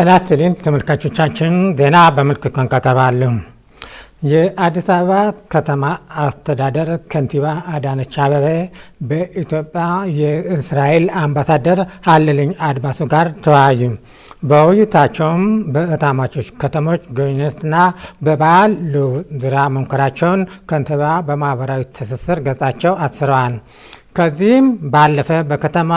ጠላት ተመልካቾቻችን ዜና በምልክ ቋንቋ ቀርባለሁ። የአዲስ አበባ ከተማ አስተዳደር ከንቲባ አዳነች አበቤ በኢትዮጵያ የእስራኤል አምባሳደር አለልኝ አድማሱ ጋር ተወያዩ። በውይይታቸውም በእታማቾች ከተሞች ግንኙነትና በባህል ልውውጥ ዙሪያ መምከራቸውን ከንቲባ በማህበራዊ ትስስር ገጻቸው አስረዋል ከዚህም ባለፈ በከተማ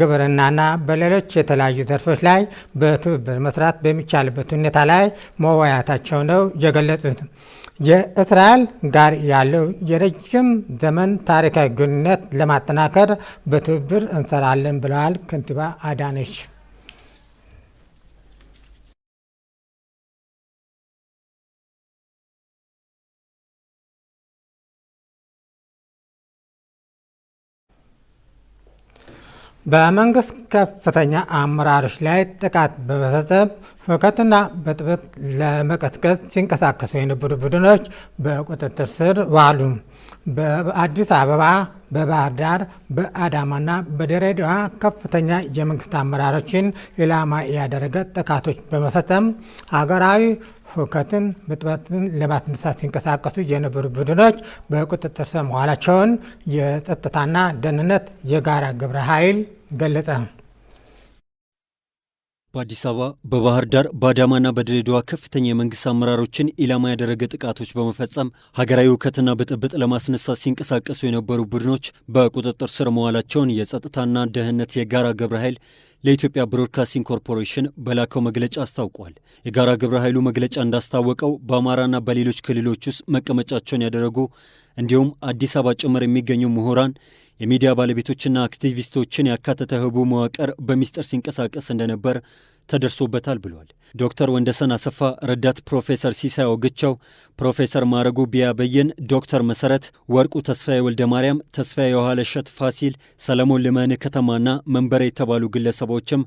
ግብርናና በሌሎች የተለያዩ ዘርፎች ላይ በትብብር መስራት በሚቻልበት ሁኔታ ላይ መወያታቸው ነው የገለጹት። የእስራኤል ጋር ያለው የረጅም ዘመን ታሪካዊ ግንኙነት ለማጠናከር በትብብር እንሰራለን ብለዋል ከንቲባ አዳነች። በመንግስት ከፍተኛ አመራሮች ላይ ጥቃት በመፈጸም ሁከትና ብጥብጥ ለመቀስቀስ ሲንቀሳቀሱ የነበሩ ቡድኖች በቁጥጥር ስር ዋሉ። በአዲስ አበባ፣ በባህር ዳር፣ በአዳማና በድሬዳዋ ከፍተኛ የመንግስት አመራሮችን ኢላማ ያደረገ ጥቃቶች በመፈጸም ሀገራዊ ሁከትን ምጥበትን ለማስነሳት ሲንቀሳቀሱ የነበሩ ቡድኖች በቁጥጥር ስር መዋላቸውን የጸጥታና ደህንነት የጋራ ግብረ ኃይል ገለጸ። በአዲስ አበባ፣ በባህር ዳር፣ በአዳማና በድሬዳዋ ከፍተኛ የመንግስት አመራሮችን ኢላማ ያደረገ ጥቃቶች በመፈጸም ሀገራዊ ውከትና ብጥብጥ ለማስነሳት ሲንቀሳቀሱ የነበሩ ቡድኖች በቁጥጥር ስር መዋላቸውን የጸጥታና ደህንነት የጋራ ግብረ ኃይል ለኢትዮጵያ ብሮድካስቲንግ ኮርፖሬሽን በላከው መግለጫ አስታውቋል። የጋራ ግብረ ኃይሉ መግለጫ እንዳስታወቀው በአማራና በሌሎች ክልሎች ውስጥ መቀመጫቸውን ያደረጉ እንዲሁም አዲስ አበባ ጭምር የሚገኙ ምሁራን የሚዲያ ባለቤቶችና አክቲቪስቶችን ያካተተ ህቡ መዋቅር በሚስጥር ሲንቀሳቀስ እንደነበር ተደርሶበታል ብሏል። ዶክተር ወንደሰን አሰፋ፣ ረዳት ፕሮፌሰር ሲሳይ ወግቻው፣ ፕሮፌሰር ማረጉ ቢያበየን፣ ዶክተር መሰረት ወርቁ፣ ተስፋዬ ወልደ ማርያም፣ ተስፋዬ የኋለሸት ፋሲል፣ ሰለሞን ልመን ከተማና መንበረ የተባሉ ግለሰቦችም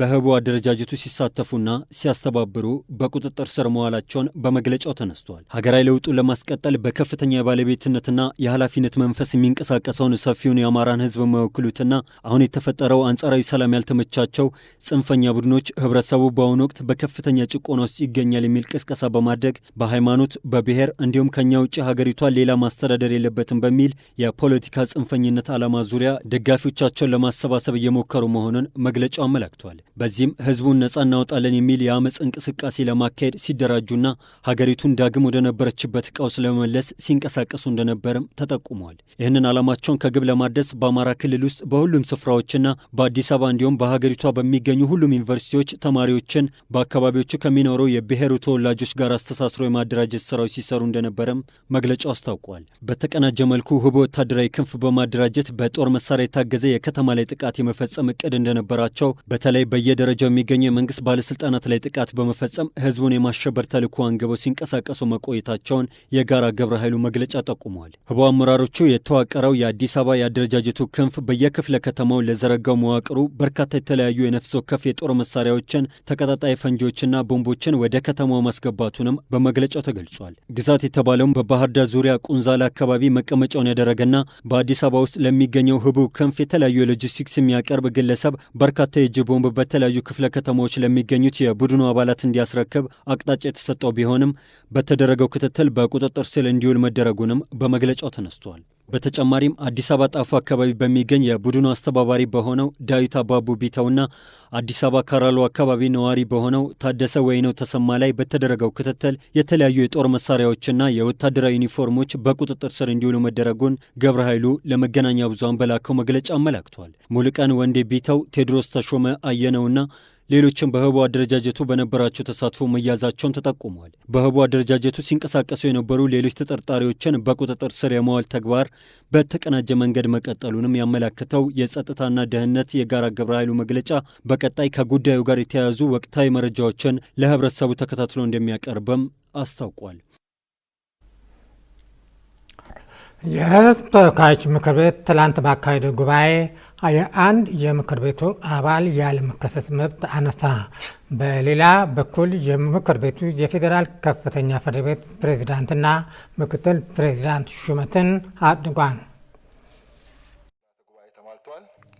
በህቡ አደረጃጀቱ ሲሳተፉና ሲያስተባብሩ በቁጥጥር ስር መዋላቸውን በመግለጫው ተነስቷል። ሀገራዊ ለውጡን ለማስቀጠል በከፍተኛ የባለቤትነትና የኃላፊነት መንፈስ የሚንቀሳቀሰውን ሰፊውን የአማራን ህዝብ የማይወክሉትና አሁን የተፈጠረው አንጻራዊ ሰላም ያልተመቻቸው ጽንፈኛ ቡድኖች ህብረተሰቡ በአሁኑ ወቅት በከፍተኛ ጭቆና ውስጥ ይገኛል የሚል ቅስቀሳ በማድረግ በሃይማኖት፣ በብሔር እንዲሁም ከኛ ውጭ ሀገሪቷን ሌላ ማስተዳደር የለበትም በሚል የፖለቲካ ጽንፈኝነት ዓላማ ዙሪያ ደጋፊዎቻቸውን ለማሰባሰብ እየሞከሩ መሆኑን መግለጫው አመላክቷል። በዚህም ህዝቡን ነጻ እናወጣለን የሚል የአመፅ እንቅስቃሴ ለማካሄድ ሲደራጁና ሀገሪቱን ዳግም ወደነበረችበት ቀውስ ለመመለስ ሲንቀሳቀሱ እንደነበርም ተጠቁሟል። ይህንን ዓላማቸውን ከግብ ለማድረስ በአማራ ክልል ውስጥ በሁሉም ስፍራዎችና በአዲስ አበባ እንዲሁም በሀገሪቷ በሚገኙ ሁሉም ዩኒቨርሲቲዎች አመራሮች ተማሪዎችን በአካባቢዎቹ ከሚኖሩ የብሔሩ ተወላጆች ጋር አስተሳስሮ የማደራጀት ስራዎች ሲሰሩ እንደነበረም መግለጫው አስታውቋል። በተቀናጀ መልኩ ህቦ ወታደራዊ ክንፍ በማደራጀት በጦር መሳሪያ የታገዘ የከተማ ላይ ጥቃት የመፈጸም እቅድ እንደነበራቸው በተለይ በየደረጃው የሚገኙ የመንግስት ባለስልጣናት ላይ ጥቃት በመፈጸም ህዝቡን የማሸበር ተልዕኮ አንግበው ሲንቀሳቀሱ መቆየታቸውን የጋራ ግብረ ኃይሉ መግለጫ ጠቁሟል። ህቦ አመራሮቹ የተዋቀረው የአዲስ አበባ የአደረጃጀቱ ክንፍ በየክፍለ ከተማው ለዘረጋው መዋቅሩ በርካታ የተለያዩ የነፍስ ወከፍ የጦር መሳሪያዎች መሳሪያዎችን፣ ተቀጣጣይ ፈንጂዎችና ቦምቦችን ወደ ከተማው ማስገባቱንም በመግለጫው ተገልጿል። ግዛት የተባለውም በባህር ዳር ዙሪያ ቁንዛላ አካባቢ መቀመጫውን ያደረገና በአዲስ አበባ ውስጥ ለሚገኘው ህቡ ክንፍ የተለያዩ የሎጂስቲክስ የሚያቀርብ ግለሰብ በርካታ የእጅ ቦምብ በተለያዩ ክፍለ ከተማዎች ለሚገኙት የቡድኑ አባላት እንዲያስረክብ አቅጣጫ የተሰጠው ቢሆንም በተደረገው ክትትል በቁጥጥር ስር እንዲውል መደረጉንም በመግለጫው ተነስቷል። በተጨማሪም አዲስ አበባ ጣፎ አካባቢ በሚገኝ የቡድኑ አስተባባሪ በሆነው ዳዊት አባቡ ቢተውና አዲስ አበባ ካራሎ አካባቢ ነዋሪ በሆነው ታደሰ ወይነው ተሰማ ላይ በተደረገው ክትትል የተለያዩ የጦር መሳሪያዎችና የወታደራዊ ዩኒፎርሞች በቁጥጥር ስር እንዲውሉ መደረጉን ገብረ ኃይሉ ለመገናኛ ብዙሃን በላከው መግለጫ አመላክቷል። ሙልቀን ወንዴ ቢተው፣ ቴድሮስ ተሾመ አየነውና ሌሎችም በህቡ አደረጃጀቱ በነበራቸው ተሳትፎ መያዛቸውም ተጠቁሟል። በህቡ አደረጃጀቱ ሲንቀሳቀሱ የነበሩ ሌሎች ተጠርጣሪዎችን በቁጥጥር ስር የመዋል ተግባር በተቀናጀ መንገድ መቀጠሉንም ያመላክተው የጸጥታና ደህንነት የጋራ ግብረ ኃይሉ መግለጫ በቀጣይ ከጉዳዩ ጋር የተያያዙ ወቅታዊ መረጃዎችን ለህብረተሰቡ ተከታትሎ እንደሚያቀርብም አስታውቋል። የህዝብ ተወካዮች ምክር ቤት ትላንት ባካሄደው ጉባኤ የአንድ የምክር ቤቱ አባል ያለመከሰስ መብት አነሳ። በሌላ በኩል የምክር ቤቱ የፌዴራል ከፍተኛ ፍርድ ቤት ፕሬዝዳንትና ምክትል ፕሬዝዳንት ሹመትን አድጓል።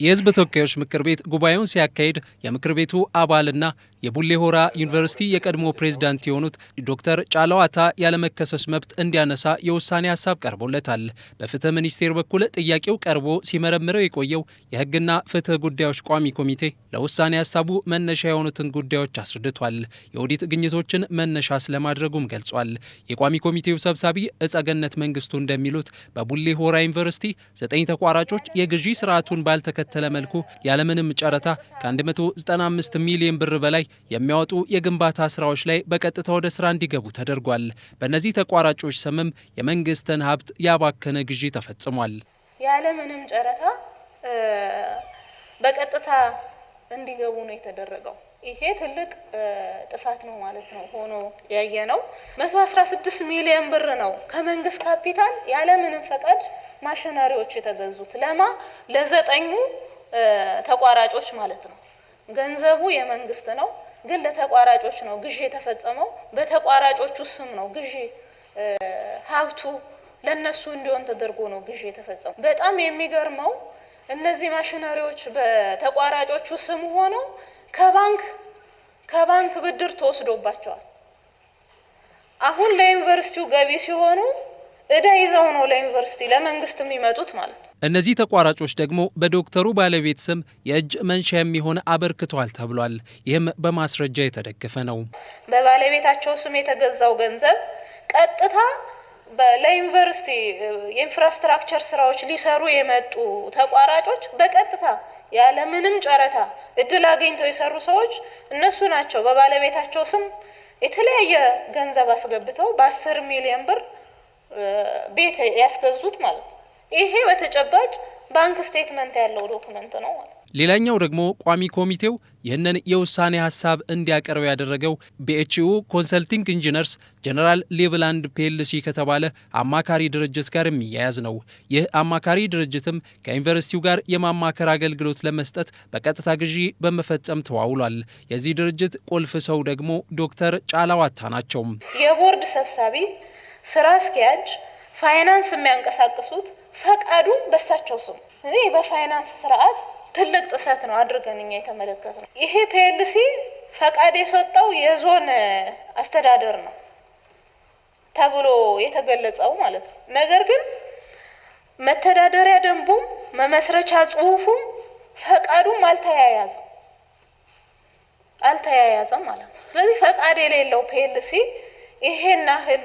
የህዝብ ተወካዮች ምክር ቤት ጉባኤውን ሲያካሂድ የምክር ቤቱ አባልና የቡሌ ሆራ ዩኒቨርሲቲ የቀድሞ ፕሬዝዳንት የሆኑት ዶክተር ጫላዋታ ያለመከሰስ መብት እንዲያነሳ የውሳኔ ሀሳብ ቀርቦለታል። በፍትህ ሚኒስቴር በኩል ጥያቄው ቀርቦ ሲመረምረው የቆየው የህግና ፍትህ ጉዳዮች ቋሚ ኮሚቴ ለውሳኔ ሀሳቡ መነሻ የሆኑትን ጉዳዮች አስረድቷል። የኦዲት ግኝቶችን መነሻ ስለማድረጉም ገልጿል። የቋሚ ኮሚቴው ሰብሳቢ እጸገነት መንግስቱ እንደሚሉት በቡሌ ሆራ ዩኒቨርሲቲ ዘጠኝ ተቋራጮች የግዢ ስርዓቱን ባልተከተለ መልኩ ያለምንም ጨረታ ከ195 ሚሊዮን ብር በላይ የሚያወጡ የግንባታ ስራዎች ላይ በቀጥታ ወደ ስራ እንዲገቡ ተደርጓል። በእነዚህ ተቋራጮች ስምም የመንግስትን ሀብት ያባከነ ግዢ ተፈጽሟል። ያለምንም ጨረታ በቀጥታ እንዲገቡ ነው የተደረገው። ይሄ ትልቅ ጥፋት ነው ማለት ነው። ሆኖ ያየ ነው። መቶ አስራ ስድስት ሚሊዮን ብር ነው ከመንግስት ካፒታል ያለምንም ፈቃድ ማሽነሪዎች የተገዙት ለማ ለዘጠኙ ተቋራጮች ማለት ነው። ገንዘቡ የመንግስት ነው፣ ግን ለተቋራጮች ነው ግዢ የተፈጸመው። በተቋራጮቹ ስም ነው ግዢ ሀብቱ ለነሱ እንዲሆን ተደርጎ ነው ግዢ የተፈጸመው። በጣም የሚገርመው እነዚህ ማሽነሪዎች በተቋራጮቹ ስም ሆነው ከባንክ ከባንክ ብድር ተወስዶባቸዋል። አሁን ለዩኒቨርሲቲው ገቢ ሲሆኑ እዳ ይዘው ነው ለዩኒቨርሲቲ ለመንግስት የሚመጡት ማለት ነው። እነዚህ ተቋራጮች ደግሞ በዶክተሩ ባለቤት ስም የእጅ መንሻ የሚሆን አበርክተዋል ተብሏል። ይህም በማስረጃ የተደገፈ ነው። በባለቤታቸው ስም የተገዛው ገንዘብ ቀጥታ ለዩኒቨርሲቲ የኢንፍራስትራክቸር ስራዎች ሊሰሩ የመጡ ተቋራጮች በቀጥታ ያለምንም ጨረታ እድል አግኝተው የሰሩ ሰዎች እነሱ ናቸው። በባለቤታቸው ስም የተለያየ ገንዘብ አስገብተው በአስር ሚሊዮን ብር ቤት ያስገዙት ማለት ነው። ይሄ በተጨባጭ ባንክ ስቴትመንት ያለው ዶክመንት ነው። ሌላኛው ደግሞ ቋሚ ኮሚቴው ይህንን የውሳኔ ሀሳብ እንዲያቀርብ ያደረገው ቢኤችዩ ኮንሰልቲንግ ኢንጂነርስ ጀነራል ሌብላንድ ፔልሲ ከተባለ አማካሪ ድርጅት ጋር የሚያያዝ ነው። ይህ አማካሪ ድርጅትም ከዩኒቨርሲቲው ጋር የማማከር አገልግሎት ለመስጠት በቀጥታ ግዢ በመፈጸም ተዋውሏል። የዚህ ድርጅት ቁልፍ ሰው ደግሞ ዶክተር ጫላዋታ ናቸው። የቦርድ ሰብሳቢ፣ ስራ አስኪያጅ ፋይናንስ የሚያንቀሳቅሱት ፈቃዱ በሳቸው ስም እዚህ በፋይናንስ ስርዓት ትልቅ ጥሰት ነው አድርገን እኛ የተመለከት ነው። ይሄ ፒኤልሲ ፈቃድ የሰጠው የዞን አስተዳደር ነው ተብሎ የተገለጸው ማለት ነው። ነገር ግን መተዳደሪያ ደንቡም መመስረቻ ጽሁፉም ፈቃዱም አልተያያዘም አልተያያዘም ማለት ነው። ስለዚህ ፈቃድ የሌለው ፒኤልሲ ይሄን ያህል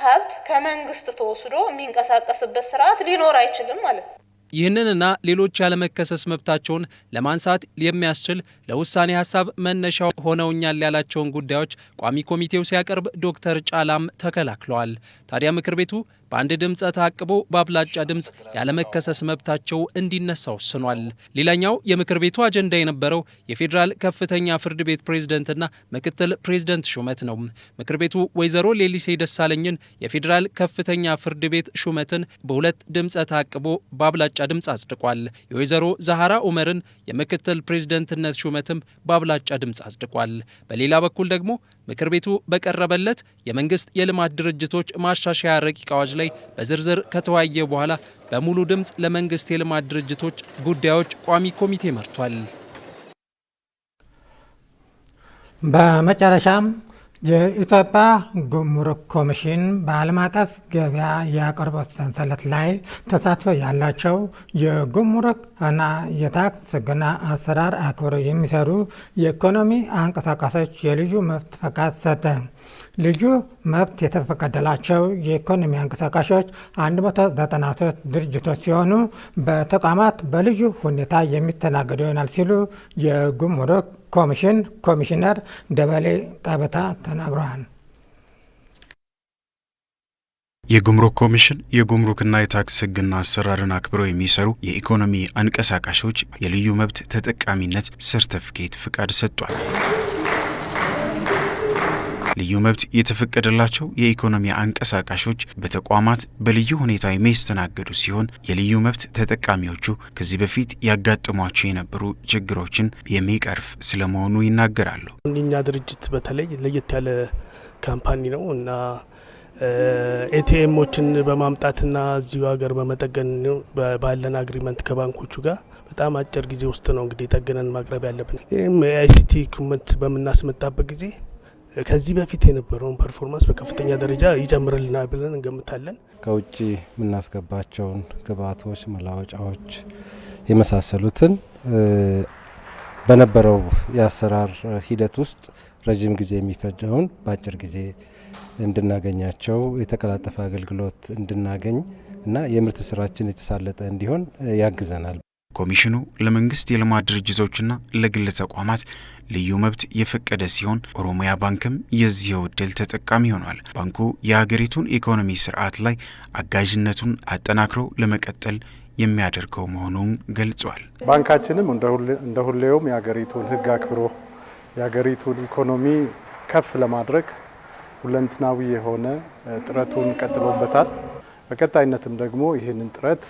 ሀብት ከመንግስት ተወስዶ የሚንቀሳቀስበት ስርዓት ሊኖር አይችልም ማለት ነው። ይህንንና ሌሎች ያለመከሰስ መብታቸውን ለማንሳት የሚያስችል ለውሳኔ ሀሳብ መነሻ ሆነውኛል ያላቸውን ጉዳዮች ቋሚ ኮሚቴው ሲያቀርብ ዶክተር ጫላም ተከላክለዋል። ታዲያ ምክር ቤቱ በአንድ ድምፅ ተአቅቦ በአብላጫ ድምፅ ያለመከሰስ መብታቸው እንዲነሳ ወስኗል። ሌላኛው የምክር ቤቱ አጀንዳ የነበረው የፌዴራል ከፍተኛ ፍርድ ቤት ፕሬዝደንትና ምክትል ፕሬዝደንት ሹመት ነው። ምክር ቤቱ ወይዘሮ ሌሊሴ ደሳለኝን የፌዴራል ከፍተኛ ፍርድ ቤት ሹመትን በሁለት ድምፀ ተአቅቦ በአብላጫ ድምፅ አጽድቋል። የወይዘሮ ዛሃራ ኡመርን የምክትል ፕሬዝደንትነት ሹመትም በአብላጫ ድምፅ አጽድቋል። በሌላ በኩል ደግሞ ምክር ቤቱ በቀረበለት የመንግስት የልማት ድርጅቶች ማሻሻያ ረቂቅ አዋጅ ላይ ላይ በዝርዝር ከተወያየ በኋላ በሙሉ ድምፅ ለመንግስት የልማት ድርጅቶች ጉዳዮች ቋሚ ኮሚቴ መርቷል። በመጨረሻም የኢትዮጵያ ጉምሩክ ኮሚሽን በዓለም አቀፍ ገበያ የአቅርቦት ሰንሰለት ላይ ተሳትፎ ያላቸው የጉምሩክ እና የታክስ ሕግና አሰራር አክብረው የሚሰሩ የኢኮኖሚ አንቀሳቃሶች የልዩ መብት ፈቃድ ሰጠ። ልዩ መብት የተፈቀደላቸው የኢኮኖሚ አንቀሳቃሾች 193 ድርጅቶች ሲሆኑ በተቋማት በልዩ ሁኔታ የሚተናገዱ ይሆናል ሲሉ የጉምሩክ ኮሚሽን ኮሚሽነር ደበሌ ጠበታ ተናግረዋል። የጉምሩክ ኮሚሽን የጉምሩክና የታክስ ሕግና አሰራርን አክብረው የሚሰሩ የኢኮኖሚ አንቀሳቃሾች የልዩ መብት ተጠቃሚነት ሰርተፍኬት ፍቃድ ሰጥቷል። ልዩ መብት የተፈቀደላቸው የኢኮኖሚ አንቀሳቃሾች በተቋማት በልዩ ሁኔታ የሚስተናገዱ ሲሆን የልዩ መብት ተጠቃሚዎቹ ከዚህ በፊት ያጋጥሟቸው የነበሩ ችግሮችን የሚቀርፍ ስለመሆኑ ይናገራሉ። እኛ ድርጅት በተለይ ለየት ያለ ካምፓኒ ነው እና ኤቲኤሞችን በማምጣትና እዚሁ ሀገር በመጠገን ባለን አግሪመንት ከባንኮቹ ጋር በጣም አጭር ጊዜ ውስጥ ነው እንግዲህ ጠገነን ማቅረብ ያለብን። ይህም የአይሲቲ ኩመንት በምናስመጣበት ጊዜ ከዚህ በፊት የነበረውን ፐርፎርማንስ በከፍተኛ ደረጃ ይጨምርልናል ብለን እንገምታለን። ከውጭ የምናስገባቸውን ግብዓቶች፣ መላወጫዎች የመሳሰሉትን በነበረው የአሰራር ሂደት ውስጥ ረዥም ጊዜ የሚፈጀውን በአጭር ጊዜ እንድናገኛቸው የተቀላጠፈ አገልግሎት እንድናገኝ እና የምርት ስራችን የተሳለጠ እንዲሆን ያግዘናል። ኮሚሽኑ ለመንግስት የልማት ድርጅቶችና ለግል ተቋማት ልዩ መብት የፈቀደ ሲሆን ኦሮሚያ ባንክም የዚህ እድል ተጠቃሚ ሆኗል። ባንኩ የሀገሪቱን ኢኮኖሚ ስርዓት ላይ አጋዥነቱን አጠናክሮ ለመቀጠል የሚያደርገው መሆኑን ገልጿል። ባንካችንም እንደ ሁሌውም የሀገሪቱን ሕግ አክብሮ የሀገሪቱን ኢኮኖሚ ከፍ ለማድረግ ሁለንትናዊ የሆነ ጥረቱን ቀጥሎበታል። በቀጣይነትም ደግሞ ይህንን ጥረት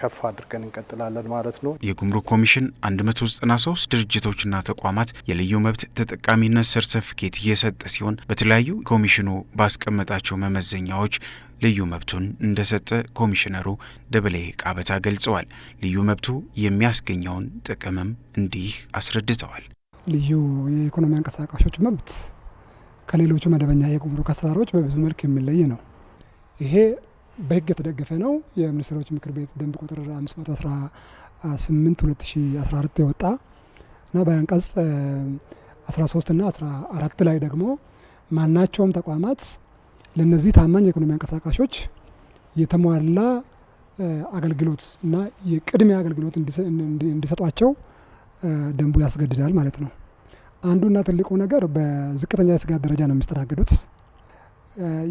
ከፍ አድርገን እንቀጥላለን ማለት ነው። የጉምሩክ ኮሚሽን 193 ድርጅቶችና ተቋማት የልዩ መብት ተጠቃሚነት ሰርተፍኬት እየሰጠ ሲሆን በተለያዩ ኮሚሽኑ ባስቀመጣቸው መመዘኛዎች ልዩ መብቱን እንደሰጠ ኮሚሽነሩ ደበሌ ቃበታ ገልጸዋል። ልዩ መብቱ የሚያስገኘውን ጥቅምም እንዲህ አስረድተዋል። ልዩ የኢኮኖሚ አንቀሳቃሾች መብት ከሌሎቹ መደበኛ የጉምሩክ አሰራሮች በብዙ መልክ የሚለይ ነው። ይሄ በህግ የተደገፈ ነው። የሚኒስትሮች ምክር ቤት ደንብ ቁጥር 518 2014 የወጣ እና በአንቀጽ 13 እና 14 ላይ ደግሞ ማናቸውም ተቋማት ለእነዚህ ታማኝ የኢኮኖሚ አንቀሳቃሾች የተሟላ አገልግሎት እና የቅድሚያ አገልግሎት እንዲሰጧቸው ደንቡ ያስገድዳል ማለት ነው። አንዱና ትልቁ ነገር በዝቅተኛ የስጋት ደረጃ ነው የሚስተናገዱት።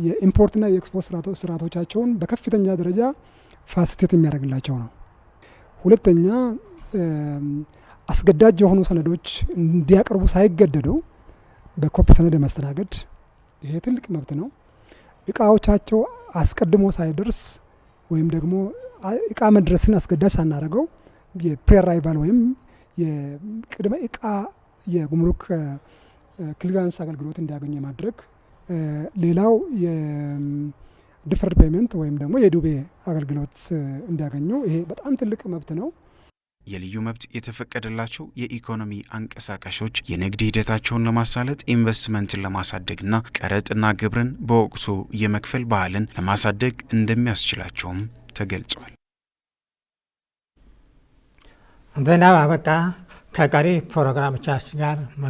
የኢምፖርትና የኤክስፖርት ስርዓቶቻቸውን በከፍተኛ ደረጃ ፋስቴት የሚያደርግላቸው ነው። ሁለተኛ አስገዳጅ የሆኑ ሰነዶች እንዲያቀርቡ ሳይገደዱ በኮፒ ሰነድ መስተናገድ ይሄ ትልቅ መብት ነው። እቃዎቻቸው አስቀድሞ ሳይደርስ ወይም ደግሞ እቃ መድረስን አስገዳጅ ሳናደርገው የፕሬራይቫል ወይም የቅድመ እቃ የጉምሩክ ክሊራንስ አገልግሎት እንዲያገኙ የማድረግ ሌላው የድፈርድ ፔመንት ወይም ደግሞ የዱቤ አገልግሎት እንዲያገኙ ይሄ በጣም ትልቅ መብት ነው። የልዩ መብት የተፈቀደላቸው የኢኮኖሚ አንቀሳቃሾች የንግድ ሂደታቸውን ለማሳለጥ ኢንቨስትመንትን ለማሳደግና ቀረጥና ግብርን በወቅቱ የመክፈል ባህልን ለማሳደግ እንደሚያስችላቸውም ተገልጿል። ዜናው አበቃ። ከቀሪ ፕሮግራሞቻችን ጋር